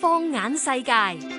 放眼世界。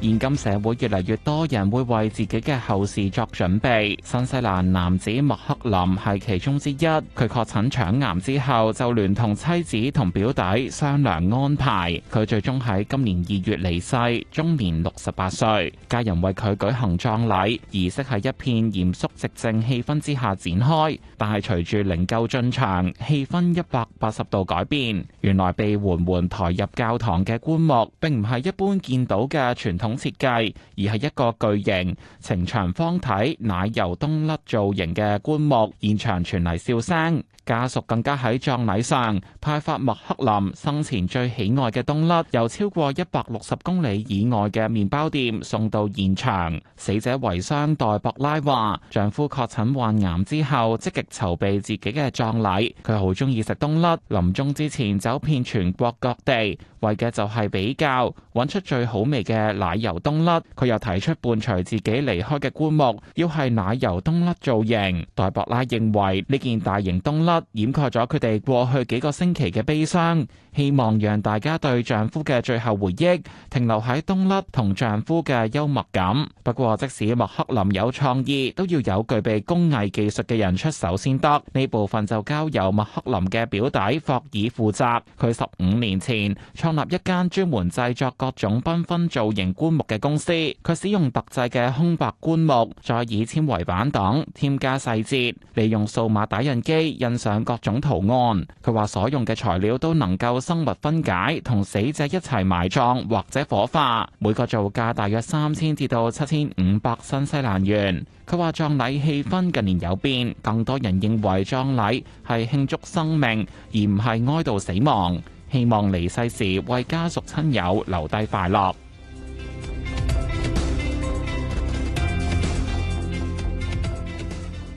現今社會越嚟越多人會為自己嘅後事作準備。新西蘭男子麥克林係其中之一。佢確診腸癌之後，就聯同妻子同表弟商量安排。佢最終喺今年二月離世，終年六十八歲。家人為佢舉行葬禮，儀式喺一片嚴肅寂靜氣氛之下展開。但係隨住靈柩進場，氣氛一百八十度改變。原來被緩緩抬入教堂嘅棺木並唔係一般見到嘅傳統設計而係一個巨型呈長方體奶油冬甩造型嘅棺木，現場傳嚟笑聲。家屬更加喺葬禮上派發麥克林生前最喜愛嘅冬甩，由超過一百六十公里以外嘅麵包店送到現場。死者遺孀黛博拉話：丈夫確診患癌之後，積極籌備自己嘅葬禮。佢好鍾意食冬甩，臨終之前走遍全國各地，為嘅就係比較，揾出最好味嘅奶油冬甩。佢又提出伴隨自己離開嘅棺木要係奶油冬甩造型。黛博拉認為呢件大型冬甩，掩蓋咗佢哋過去幾個星期嘅悲傷，希望讓大家對丈夫嘅最後回憶停留喺冬甩同丈夫嘅幽默感。不過即使麥克林有創意，都要有具備工藝技術嘅人出手先得。呢部分就交由麥克林嘅表弟霍爾負責。佢十五年前創立一間專門製作各種繽紛造型棺木嘅公司。佢使用特製嘅空白棺木，再以纖維板等添加細節，利用數碼打印機印上。上各種圖案，佢話所用嘅材料都能夠生物分解，同死者一齊埋葬或者火化。每個造價大約三千至到七千五百新西蘭元。佢話葬禮氣氛近年有變，更多人認為葬禮係慶祝生命，而唔係哀悼死亡，希望離世時為家屬親友留低快樂。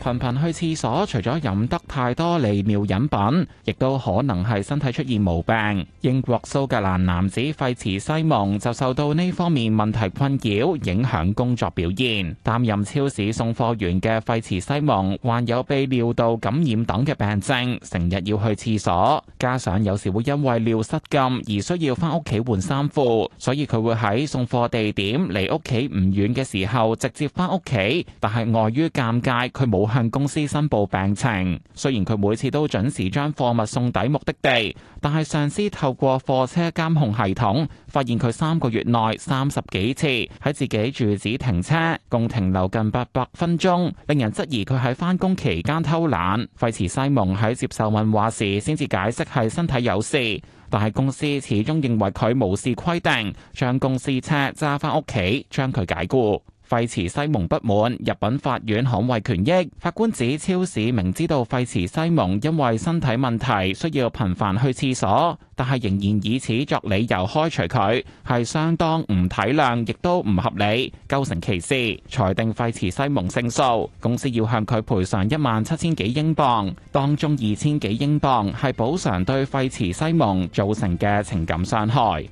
頻頻去廁所，除咗飲得太多利尿飲品，亦都可能係身體出現毛病。英國蘇格蘭男子費池西蒙就受到呢方面問題困擾，影響工作表現。擔任超市送貨員嘅費池西蒙患有被尿道感染等嘅病症，成日要去廁所，加上有時會因為尿失禁而需要翻屋企換衫褲，所以佢會喺送貨地點離屋企唔遠嘅時候直接翻屋企，但係礙於尷尬，佢冇。向公司申報病情。雖然佢每次都準時將貨物送抵目的地，但係上司透過貨車監控系統發現佢三個月內三十幾次喺自己住址停車，共停留近八百分鐘，令人質疑佢喺返工期間偷懶。費茨西蒙喺接受問話時先至解釋係身體有事，但係公司始終認為佢無視規定，將公司車揸翻屋企，將佢解僱。費茨西蒙不滿，入稟法院捍衛權益。法官指，超市明知道費茨西蒙因為身體問題需要頻繁去廁所，但係仍然以此作理由開除佢，係相當唔體諒，亦都唔合理，構成歧視。裁定費茨西蒙勝訴，公司要向佢賠償一萬七千幾英鎊，當中二千幾英鎊係補償對費茨西蒙造成嘅情感傷害。